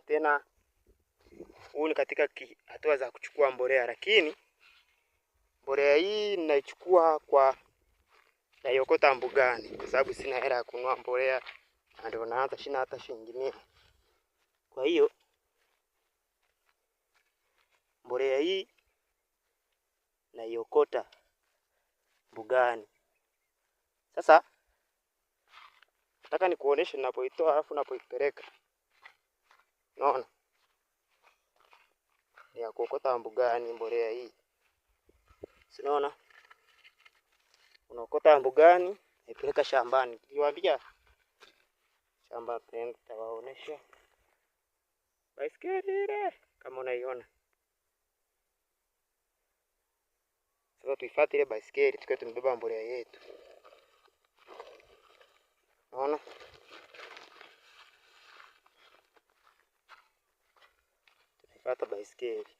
tena huu ni katika hatua za kuchukua mbolea, lakini mbolea hii ninaichukua kwa naiokota mbugani, kwa sababu sina hela ya kununua mbolea, na ndio naanza, sina hata shilingi mia. Kwa hiyo mbolea hii naiokota mbugani. Sasa nataka nikuoneshe ninapoitoa, alafu napoipeleka Unaona? Ni ya kuokota mbugani mbolea hii. Si unaona? Unaokota mbugani, ipeleka shambani. Niwaambia shamba pendo tawaonesha. Baiskeli ile kama unaiona. Sasa tuifuate ile baiskeli tukiwa tumebeba mbolea yetu. Unaona? hata baiskeli.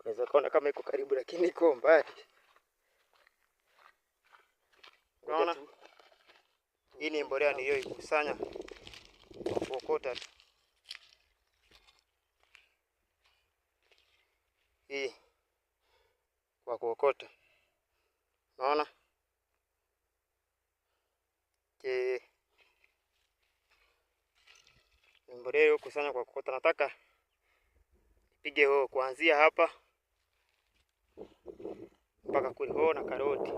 Unaweza kuona kama iko karibu, lakini iko mbali. Unaona hii ni mbolea niliyoikusanya kwa kuokota tu. Hii kwa kuokota, unaona ke mbolea kusanya kwa kuokota nataka pige hoho kuanzia hapa mpaka kule. Hoho na karoti,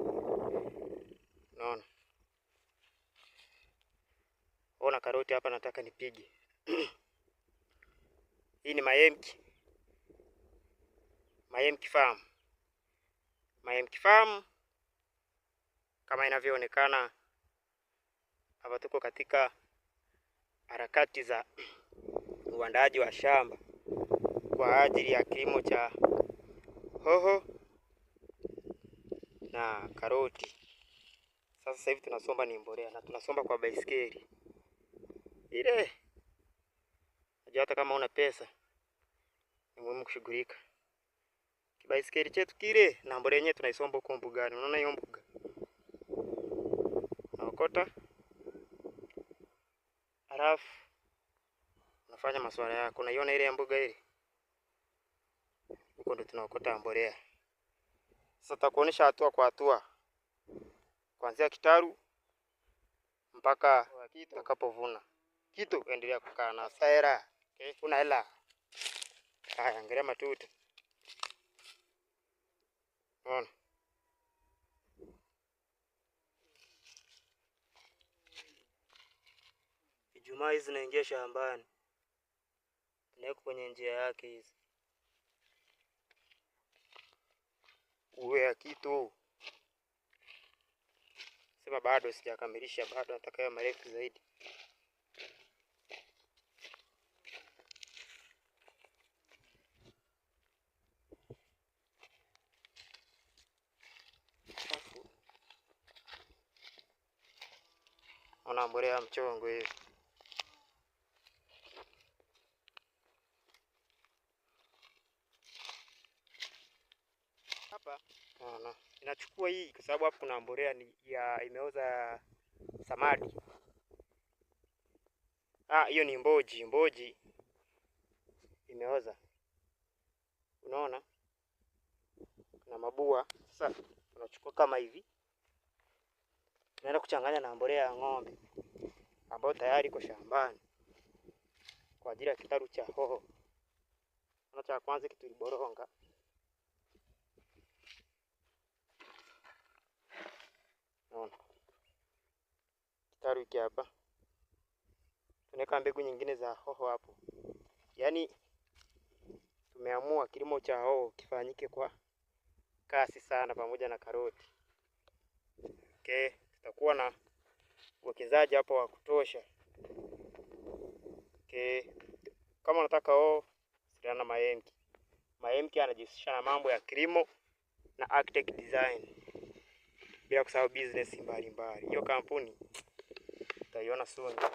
unaona hoho na karoti hapa nataka nipige. Hii ni Mayemki, Mayemki Farm, Mayemki Farm kama inavyoonekana hapa. Tuko katika harakati za uandaaji wa shamba kwa ajili ya kilimo cha hoho na karoti. Sasa sasa hivi tunasomba ni mbolea na tunasomba kwa baisikeli ile. Najua hata kama una pesa ni muhimu kushughulika kibaisikeli chetu kile, na mbolea yenyewe tunaisomba huko mbugani. Unaona hiyo mbuga, naokota halafu unafanya masuala yako, Unaiona ile ya mbuga ile huko ndo tunaokota mbolea. Sasa takuonesha hatua kwa hatua kuanzia kitaru mpaka utakapovuna kitu. Endelea kukaa na saera. Okay, kuna hela. Haya, angalia matuta, unaona Ijumaa hizi naingia shambani, naweka kwenye njia yake hizi uwea kitu sema, bado sijakamilisha, bado nataka marefu zaidi. Ona mbolea mchongo hivi. hapa naona inachukua hii, kwa sababu hapa kuna mbolea ni ya imeoza samadi. Ah, hiyo ni mboji, mboji imeoza, unaona na mabua. Sasa unachukua kama hivi, unaenda kuchanganya na mbolea ya ng'ombe ambayo tayari iko shambani kwa ajili ya kitalu cha hoho. Cha kwanza kitu hekari wiki hapa, tunaweka mbegu nyingine za hoho hapo. Yaani tumeamua kilimo cha hoho kifanyike kwa kasi sana, pamoja na karoti. Okay, tutakuwa na uwekezaji hapo wa kutosha. Okay, kama unataka hoho siliana na Mayemki. Mayemki anajihusisha na mambo ya kilimo na architect design bila kusahau business mbalimbali. Hiyo kampuni Tayona Suena.